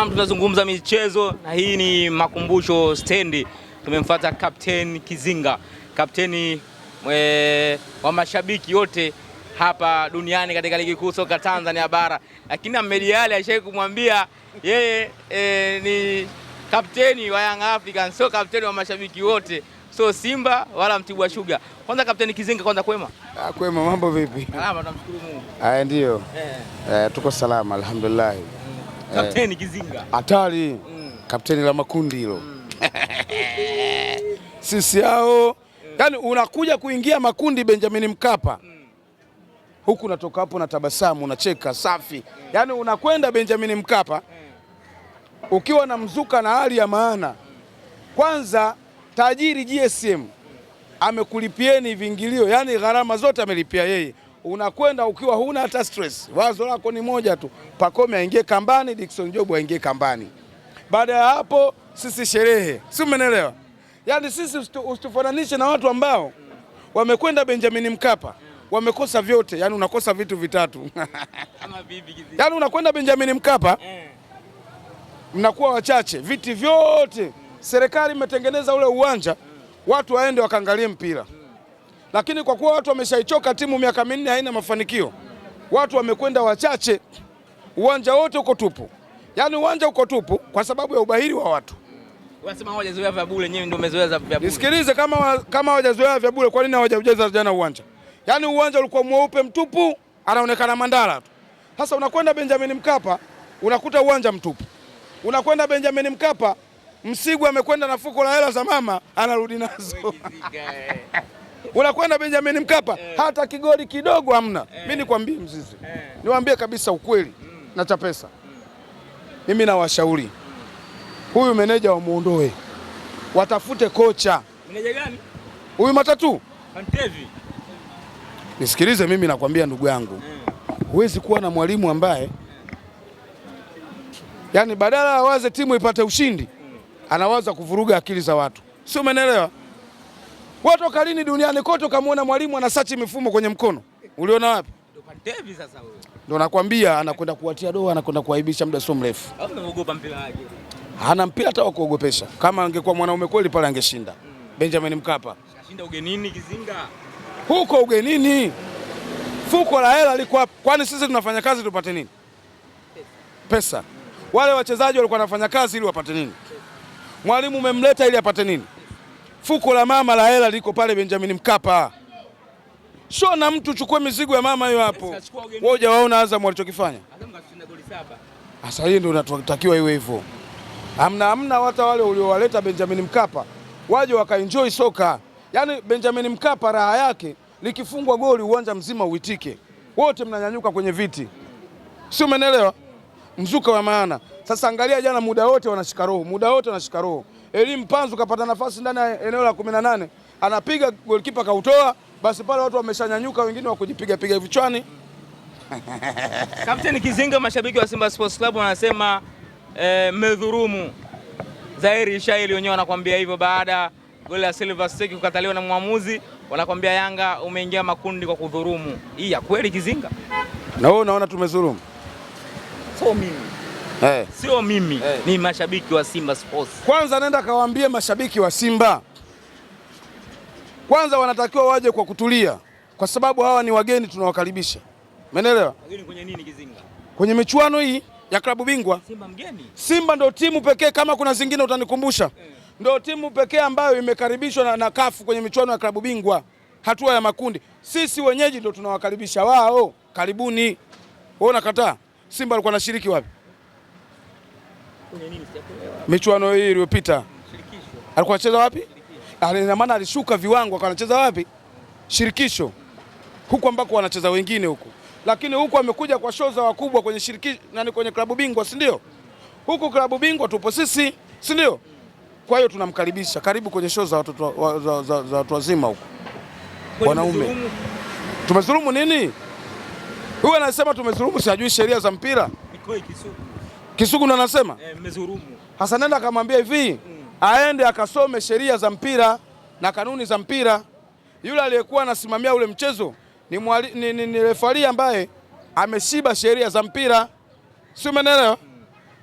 Naam, tunazungumza michezo na hii ni makumbusho stendi. Tumemfuata Kapteni Kizinga, kapteni mwe, wa mashabiki wote hapa duniani katika ligi kuu soka Tanzania bara, lakini amediali Ally kumwambia yeye e, ni kapteni wa Young African, sio kapteni wa mashabiki wote, sio Simba wala Mtibwa Sugar. Kwanza Kapteni Kizinga, kwanza kwema? Ah, kwema, mambo vipi? Salama, tunamshukuru Mungu. Ah, ndio eh. eh, tuko salama alhamdulillah. Kapteni Kizinga hatari, mm. kapteni la makundi hilo mm. sisi hao yaani unakuja kuingia makundi Benjamin Mkapa mm. huku unatoka hapo na tabasamu unacheka safi mm. yaani unakwenda Benjamin Mkapa mm. ukiwa na mzuka na hali ya maana mm. kwanza tajiri GSM mm. amekulipieni viingilio, yaani gharama zote amelipia yeye unakwenda ukiwa huna hata stress, wazo lako ni moja tu, Pacome aingie kambani, Dickson Job aingie kambani. Baada ya hapo sisi sherehe, si umeelewa? Yaani sisi usitufananishe na watu ambao wamekwenda Benjamin Mkapa wamekosa vyote, yaani unakosa vitu vitatu yaani unakwenda Benjamin Mkapa eh. mnakuwa wachache viti vyote, serikali imetengeneza ule uwanja watu waende wakaangalie mpira lakini kwa kuwa watu wameshaichoka timu, miaka minne haina mafanikio, watu wamekwenda wachache, uwanja wote uko tupu, yaani uwanja uko tupu kwa sababu ya ubahiri wa watu. Wanasema hawajazoea vya bure, nyinyi ndio mmezoea vya bure. Nisikilize, kama wa, kama hawajazoea vya bure, kwa nini hawajaujaza jana uwanja? Yaani uwanja ulikuwa mweupe mtupu, anaonekana Mandala tu. Sasa unakwenda Benjamin Mkapa unakuta uwanja mtupu, unakwenda Benjamin Mkapa Msigu amekwenda na fuko la hela za mama anarudi nazo unakwenda Benjamin Mkapa eh, hata kigoli kidogo hamna eh. Mimi nikwambie Mzizi eh, niwaambie kabisa ukweli mm. na Chapesa mimi mm. nawashauri mm. huyu meneja wamuondoe, watafute kocha. Meneja gani huyu? Matatu Antevi. Nisikilize mimi nakwambia ndugu yangu eh. huwezi kuwa na mwalimu ambaye yaani badala awaze timu ipate ushindi mm. anawaza kuvuruga akili za watu, sio? Umeelewa? Wewe toka lini duniani kote ukamwona mwalimu ana sachi mifumo kwenye mkono? Uliona wapi? Ndio nakwambia anakwenda kuwatia doa, anakwenda kuaibisha muda sio mrefu. Hana mpira hata wa kuogopesha. Kama angekuwa mwanaume kweli pale angeshinda. Mm. Benjamin Mkapa. Shashinda ugenini kizinga. Huko ugenini. Fuko la hela liko hapo. Kwani sisi tunafanya kazi tupate nini? Pesa. Pesa. Wale wachezaji walikuwa wanafanya kazi ili wapate nini? Mwalimu umemleta ili apate nini? fuko la mama la hela liko pale Benjamin Mkapa, sio na mtu chukue mizigo ya mama hiyo hapo. Wewe hujaona Azam walichokifanya? Sasa hii ndio inatakiwa iwe hivyo. Hamna hamna, hata wale uliowaleta Benjamin Mkapa waje wakaenjoy soka. Yaani Benjamin Mkapa raha yake likifungwa goli uwanja mzima uitike, wote mnanyanyuka kwenye viti, si umeelewa? Mzuka wa maana. Sasa angalia jana, muda wote wanashika roho, muda wote wanashika roho. Elimu Panzu kapata nafasi ndani ya eneo la kumi na nane anapiga golikipa kautoa, basi pale watu wameshanyanyuka, wengine kujipiga piga vichwani. Kapteni Kizinga, mashabiki wa Simba Sports Club wanasema eh, mmedhurumu. Eh, Zairi Shaili wenyewe wanakuambia hivyo baada goli la Silver Stick kukataliwa na mwamuzi, wanakuambia Yanga umeingia makundi kwa kudhurumu. Hii ya kweli Kizinga? Na wewe unaona tumezurumu So mimi hey. Eh. Sio mimi hey. Eh. Ni mashabiki wa Simba Sports. Kwanza nenda kawaambie mashabiki wa Simba kwanza wanatakiwa waje kwa kutulia, kwa sababu hawa ni wageni tunawakaribisha. Umeelewa? Wageni kwenye nini kizinga? Kwenye michuano hii ya klabu bingwa Simba mgeni. Simba ndio timu pekee, kama kuna zingine utanikumbusha eh, ndio timu pekee ambayo imekaribishwa na, na kafu kwenye michuano ya klabu bingwa hatua ya makundi. Sisi wenyeji ndio tunawakaribisha wao. Karibuni. Wewe unakataa? Simba alikuwa anashiriki wapi? michuano hii iliyopita alikuwa anacheza wapi? Ah, ina maana alishuka viwango, akawa anacheza wapi? Shirikisho, huku ambako wanacheza wengine huku, lakini huku amekuja kwa shoza za wakubwa kwenye shirikisho, nani, kwenye klabu bingwa, si ndio? Huku klabu bingwa tupo sisi, si ndio? Kwa hiyo tunamkaribisha, karibu kwenye show za watoto za watu wazima huku, wanaume. Tumezulumu nini? Huyu anasema tumezulumu, sijui sheria za mpira. Kisugu anasema eh, hasa, nenda akamwambia hivi mm. aende akasome sheria za mpira na kanuni za mpira. Yule aliyekuwa anasimamia ule mchezo ni, mwali, ni, ni, ni refari ambaye ameshiba sheria za mpira, si umeelewa? mm.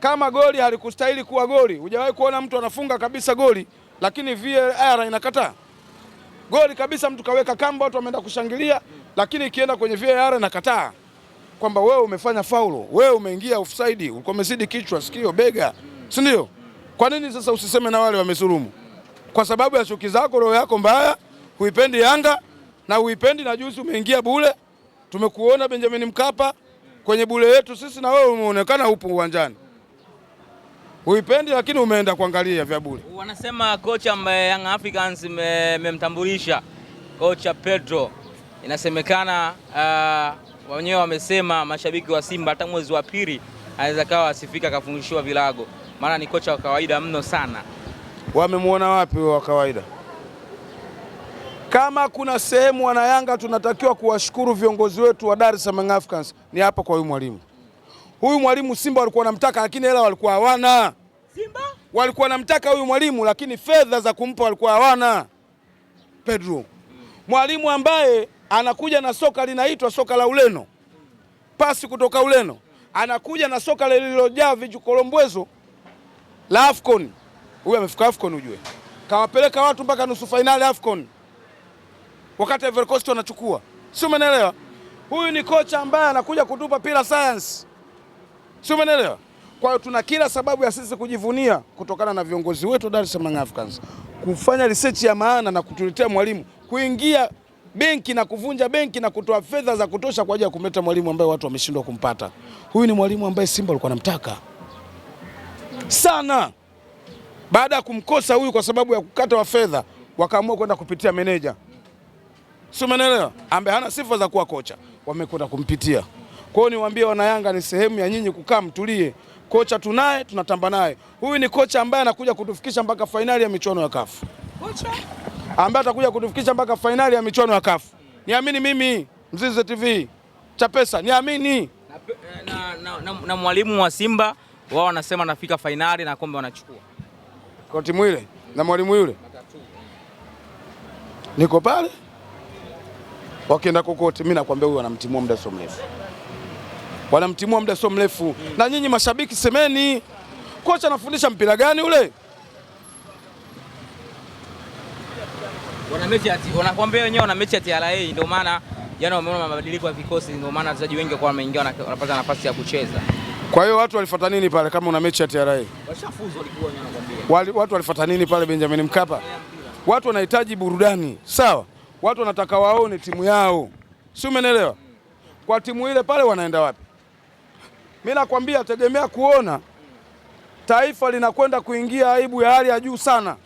kama goli halikustahili kuwa goli, hujawahi kuona mtu anafunga kabisa goli lakini VAR inakataa goli kabisa, mtu kaweka kamba, watu wameenda kushangilia, lakini ikienda kwenye VAR inakataa kwamba wewe umefanya faulo, wewe umeingia ofsaidi, ulikuwa umezidi kichwa, sikio, bega, si ndio? Kwa nini sasa usiseme na wale wamesulumu? Kwa sababu ya chuki zako, roho yako mbaya, huipendi Yanga na huipendi na juzi umeingia bule, tumekuona Benjamin Mkapa kwenye bule yetu sisi, na wewe umeonekana upo uwanjani huipendi lakini umeenda kuangalia vya bure. Wanasema kocha ambaye Young Africans memtambulisha me kocha Pedro, inasemekana uh, wenyewe wamesema mashabiki wa Simba hata mwezi wa pili anaweza kawa asifika akafungishiwa vilago, maana ni kocha wa kawaida mno sana. Wamemwona wapi wa kawaida? Kama kuna sehemu wanayanga tunatakiwa kuwashukuru viongozi wetu wa Dar es Salaam Africans ni hapa kwa huyu mwalimu. Huyu mwalimu Simba walikuwa wanamtaka, lakini hela walikuwa hawana. Simba walikuwa wanamtaka huyu mwalimu, lakini fedha za kumpa walikuwa hawana. Pedro mm. mwalimu ambaye anakuja na soka linaitwa soka la Ureno, pasi kutoka Ureno, anakuja na soka lililojaa vijukolombwezo la Afcon. Huyu amefika Afcon, ujue kawapeleka watu mpaka nusu fainali Afcon, wakati Ivory Coast wanachukua, si umeelewa? Huyu ni kocha ambaye anakuja kutupa pila science, si umeelewa? Kwa hiyo tuna kila sababu ya sisi kujivunia kutokana na viongozi wetu Dar es Salaam Africans kufanya research ya maana na kutuletea mwalimu kuingia benki na kuvunja benki na kutoa fedha za kutosha kwa ajili ya kumleta mwalimu ambaye watu wameshindwa kumpata. Huyu ni mwalimu ambaye Simba alikuwa anamtaka sana. Baada ya kumkosa huyu kwa sababu ya kukata wa fedha, wakaamua kwenda kupitia meneja, si umeelewa, ambaye hana sifa za kuwa kocha, wamekwenda kumpitia. Kwa hiyo niwaambie wanayanga, ni sehemu ya nyinyi kukaa mtulie. Kocha tunaye, tunatamba naye. Huyu ni kocha ambaye anakuja kutufikisha mpaka fainali ya michuano ya kafu kocha ambaye atakuja kutufikisha mpaka fainali ya michuano ya kafu. Niamini mimi Mzize TV Chapesa, niamini na, eh, na, na, na, na mwalimu wa Simba wao wanasema nafika fainali na kombe wanachukua kwa timu ile na mwalimu yule, niko pale wakienda kokote. Mimi nakwambia huyu wanamtimua muda sio mrefu, wanamtimua muda sio mrefu. Na nyinyi mashabiki semeni, kocha anafundisha mpira gani ule? wana mechi ati wanakuambia wenyewe wana mechi ya TRA, ndio maana jana wameona mabadiliko ya vikosi, ndio maana wachezaji wengi kwa wameingia wanapata nafasi ya kucheza. Kwa hiyo watu walifuata nini pale kama una mechi ya TRA? Washafuzu walikuwa wanakuambia. Watu walifuata nini pale Benjamin Mkapa? Watu wanahitaji burudani, sawa? Watu wanataka waone timu yao, si umeelewa? Kwa timu ile pale wanaenda wapi? Mimi nakwambia tegemea kuona taifa linakwenda kuingia aibu ya hali ya juu sana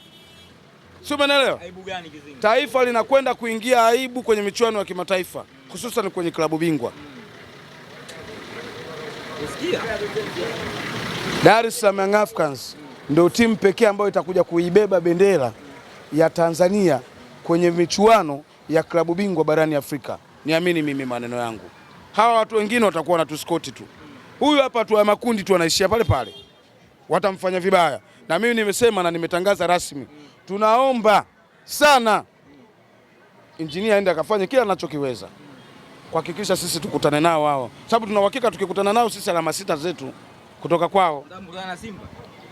sio, umeelewa? Taifa linakwenda kuingia aibu kwenye michuano ya kimataifa hususan kwenye klabu bingwa. Dar es Salaam Young Africans ndio timu pekee ambayo itakuja kuibeba bendera ya Tanzania kwenye michuano ya klabu bingwa barani Afrika. Niamini mimi maneno yangu, hawa watu wengine watakuwa wanatuskoti tu. Huyu hapa tu ya makundi tu anaishia pale pale, watamfanya vibaya. Na mimi nimesema na nimetangaza rasmi tunaomba sana injinia aende akafanye kila anachokiweza kuhakikisha sisi tukutane nao wao, sababu tuna uhakika tukikutana nao sisi alama sita zetu kutoka kwao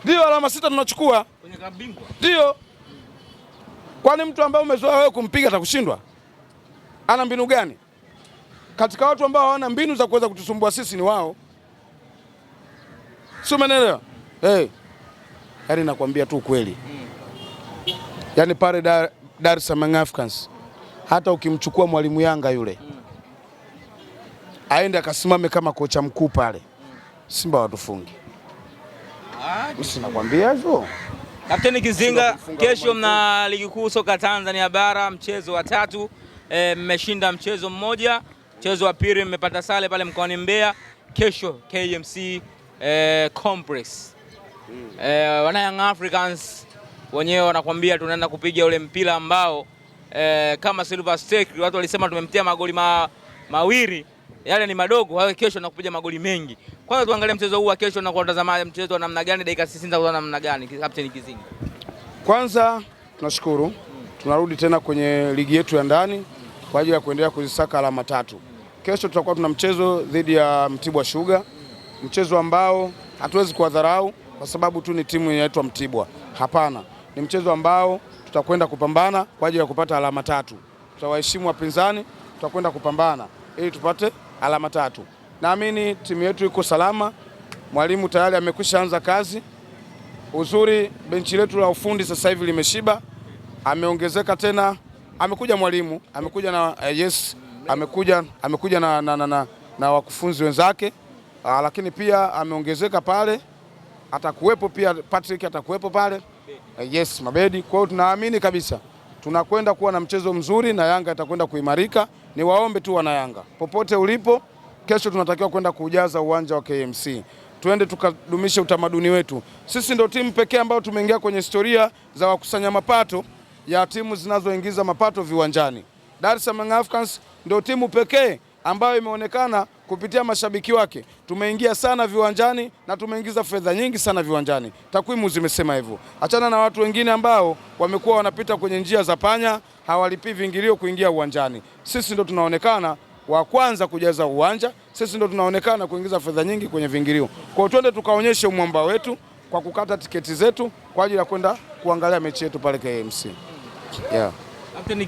ndio alama sita tunachukua, ndio. Kwani mtu ambaye umezoea wewe kumpiga atakushindwa? Ana mbinu gani? Katika watu ambao hawana mbinu za kuweza kutusumbua sisi ni wao, si umeelewa? Hey, yaani nakwambia tu ukweli. Mm yani pale Dar, Dar es Salaam Africans, hata ukimchukua mwalimu Yanga yule aende akasimame kama kocha mkuu pale Simba watufungi. Sinakwambia hivyo. Kapteni Kizinga, kesho mna ligi kuu soka Tanzania bara mchezo wa tatu, e, mmeshinda e, mchezo mmoja, mchezo wa pili mmepata sare pale mkoani Mbeya. Kesho KMC e, Complex e, wana Young Africans wenyewe wanakwambia tunaenda kupiga ule mpira ambao e, kama Silver Stake watu walisema tumemtia magoli ma, mawili yale ni madogo, hayo kesho nakupiga magoli mengi. Kwanza tuangalie mchezo huu wa kesho na kuwatazama mchezo wa namna gani, dakika 60 za namna gani, Captain Kizinga. Kwanza tunashukuru tunarudi tena kwenye ligi yetu ya ndani kwa ajili ya kuendelea kuzisaka alama tatu. Kesho tutakuwa tuna mchezo dhidi ya Mtibwa Sugar, mchezo ambao hatuwezi kuwadharau kwa sababu tu ni timu inaitwa Mtibwa. Hapana, ni mchezo ambao tutakwenda kupambana kwa ajili ya kupata alama tatu. Tutawaheshimu wapinzani, tutakwenda kupambana ili tupate alama tatu. Naamini timu yetu iko salama, mwalimu tayari amekwisha anza kazi. Uzuri benchi letu la ufundi sasa hivi limeshiba, ameongezeka tena, amekuja mwalimu, amekuja na uh, yes, amekuja, amekuja na, na, na, na, na wakufunzi wenzake uh, lakini pia ameongezeka pale, atakuwepo pia Patrick, atakuwepo pale. Eh, yes mabedi. Kwa hiyo tunaamini kabisa tunakwenda kuwa na mchezo mzuri na Yanga itakwenda kuimarika. Ni waombe tu wana Yanga popote ulipo, kesho tunatakiwa kwenda kuujaza uwanja wa KMC, tuende tukadumishe utamaduni wetu. Sisi ndio timu pekee ambayo tumeingia kwenye historia za wakusanya mapato ya timu zinazoingiza mapato viwanjani. Dar es Salaam Africans ndio timu pekee ambayo imeonekana kupitia mashabiki wake tumeingia sana viwanjani na tumeingiza fedha nyingi sana viwanjani, takwimu zimesema hivyo. Achana na watu wengine ambao wamekuwa wanapita kwenye njia za panya, hawalipii viingilio kuingia uwanjani. Sisi ndo tunaonekana wa kwanza kujaza uwanja, sisi ndo tunaonekana kuingiza fedha nyingi kwenye viingilio. Kwa twende tukaonyeshe umwamba wetu kwa kukata tiketi zetu kwa ajili ya kwenda kuangalia mechi yetu pale KMC. Yeah.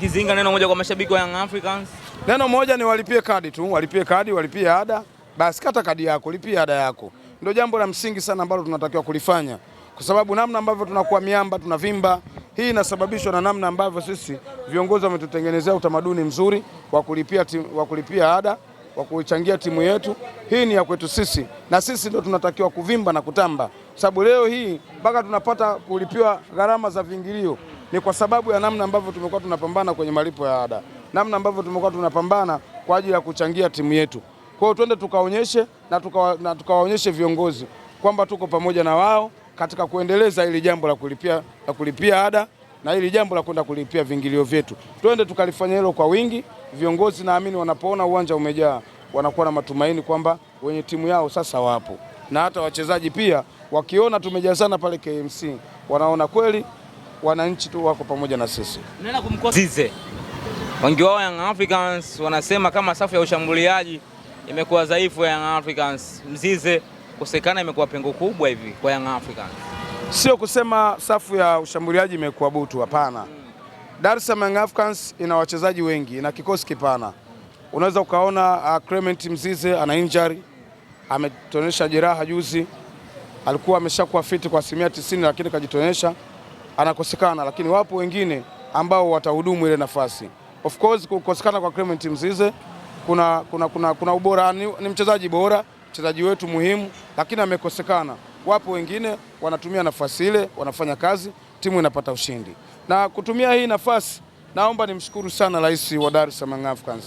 Kizinga, neno moja kwa mashabiki wa Young Africans. Neno moja ni walipie kadi tu, walipie kadi, walipie ada. Basi kata kadi yako, lipie ada yako. Ndio jambo la msingi sana ambalo tunatakiwa kulifanya, kwa sababu namna ambavyo tunakuwa miamba, tunavimba, hii inasababishwa na namna ambavyo sisi viongozi wametutengenezea utamaduni mzuri wa kulipia, wa kulipia ada wa kuichangia timu yetu. Hii ni ya kwetu sisi, na sisi ndio tunatakiwa kuvimba na kutamba, sababu leo hii mpaka tunapata kulipiwa gharama za viingilio ni kwa sababu ya namna ambavyo tumekuwa tunapambana kwenye malipo ya ada namna ambavyo tumekuwa tunapambana kwa ajili ya kuchangia timu yetu. Kwa hiyo twende tukaonyeshe na tukawaonyeshe tuka, viongozi kwamba tuko pamoja na wao katika kuendeleza hili jambo la kulipia, la kulipia ada na hili jambo la kwenda kulipia vingilio vyetu. Twende tukalifanya hilo kwa wingi. Viongozi naamini wanapoona uwanja umejaa wanakuwa na matumaini kwamba wenye timu yao sasa wapo, na hata wachezaji pia wakiona tumejazana pale KMC wanaona kweli wananchi tu wako pamoja na sisi. Nenda kumkosa Zize wengi wao Young Africans wanasema kama safu ya ushambuliaji imekuwa dhaifu ya Young Africans. Mzize kusekana imekuwa pengo kubwa hivi kwa Young Africans. Sio kusema safu ya ushambuliaji imekuwa butu, hapana. Dar es Salaam Young Africans ina wachezaji wengi na kikosi kipana. Unaweza ukaona uh, Clement Mzize ana injury, ametonesha jeraha juzi, alikuwa ameshakuwa fiti kwa asilimia tisini, lakini kajitonesha, anakosekana, lakini wapo wengine ambao watahudumu ile nafasi. Of course kukosekana kwa Clement Mzize kuna, kuna, kuna, kuna ubora ni, ni mchezaji bora, mchezaji wetu muhimu, lakini amekosekana. Wapo wengine wanatumia nafasi ile, wanafanya kazi, timu inapata ushindi. Na kutumia hii nafasi, naomba nimshukuru sana rais wa Dar es Salaam Africans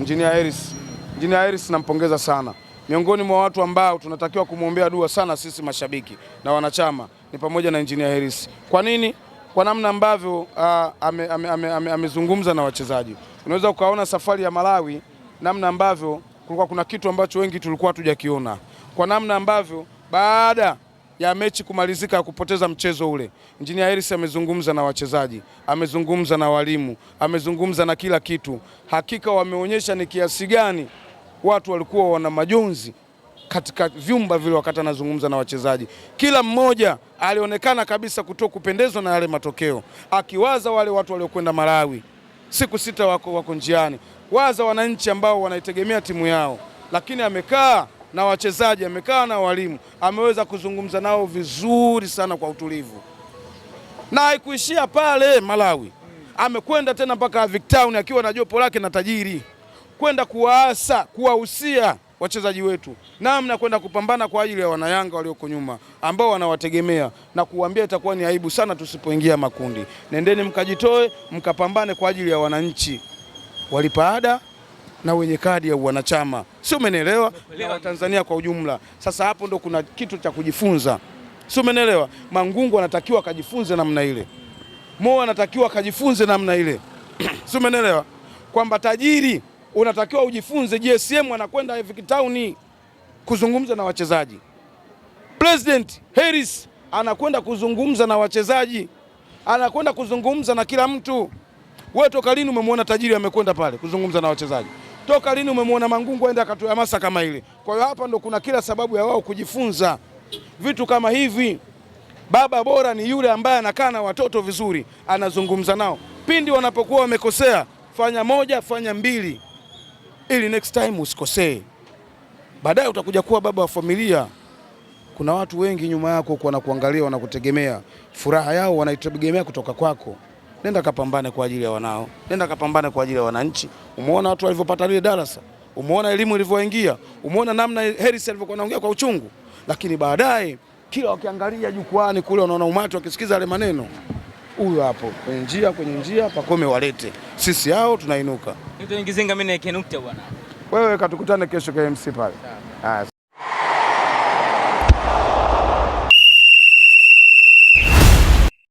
Engineer Harris. Engineer Harris nampongeza sana, miongoni mwa watu ambao tunatakiwa kumwombea dua sana sisi mashabiki na wanachama ni pamoja na Engineer Harris. Kwa nini? kwa namna ambavyo amezungumza ah, ame, ame, ame, ame na wachezaji. Unaweza ukaona safari ya Malawi namna ambavyo kulikuwa kuna kitu ambacho wengi tulikuwa hatujakiona, kwa namna ambavyo baada ya mechi kumalizika ya kupoteza mchezo ule, Injinia Hersi amezungumza na wachezaji, amezungumza na walimu, amezungumza na kila kitu. Hakika wameonyesha ni kiasi gani watu walikuwa wana majonzi katika vyumba vile, wakati anazungumza na wachezaji, kila mmoja alionekana kabisa kuto kupendezwa na yale matokeo, akiwaza wale watu waliokwenda Malawi siku sita wako, wako njiani, waza wananchi ambao wanaitegemea timu yao, lakini amekaa na wachezaji, amekaa na walimu, ameweza kuzungumza nao vizuri sana kwa utulivu, na haikuishia pale Malawi. Amekwenda tena mpaka Victown akiwa na jopo lake na tajiri kwenda kuwaasa, kuwahusia wachezaji wetu, namna kwenda kupambana kwa ajili ya wanayanga walioko nyuma ambao wanawategemea na kuwambia itakuwa ni aibu sana tusipoingia makundi. Nendeni mkajitoe mkapambane kwa ajili ya wananchi walipaada na wenye kadi ya wanachama, si umenielewa? Na Watanzania kwa ujumla. Sasa hapo ndo kuna kitu cha kujifunza, si umenielewa? Mangungu anatakiwa akajifunze namna ile, Mo anatakiwa akajifunze namna ile, si umenielewa? Kwamba tajiri unatakiwa ujifunze. GSM anakwenda Epic Town kuzungumza na wachezaji, President Harris anakwenda kuzungumza na wachezaji, anakwenda kuzungumza na kila mtu. Wewe toka lini umemwona tajiri amekwenda pale kuzungumza na wachezaji? Toka lini umemwona Mangungu aenda akatoa hamasa kama ile? Kwa hiyo hapa ndo kuna kila sababu ya wao kujifunza vitu kama hivi. Baba bora ni yule ambaye anakaa na watoto vizuri, anazungumza nao pindi wanapokuwa wamekosea. Fanya moja, fanya mbili ili next time usikosee. Baadaye utakuja kuwa baba wa familia, kuna watu wengi nyuma yako huko wanakuangalia, wanakutegemea, furaha yao wanaitegemea kutoka kwako. Nenda kapambane kwa ajili ya wanao, nenda kapambane kwa ajili ya wananchi. Umeona watu walivyopata lile darasa, umeona elimu ilivyoingia, umeona namna Hersi alivyokuwa anaongea kwa uchungu, lakini baadaye kila wakiangalia jukwani kule, wanaona umati wakisikiza yale maneno huyu hapo kwenye njia, kwenye njia pakome, walete sisi hao tunainuka. Wewe katukutane kesho KMC pale.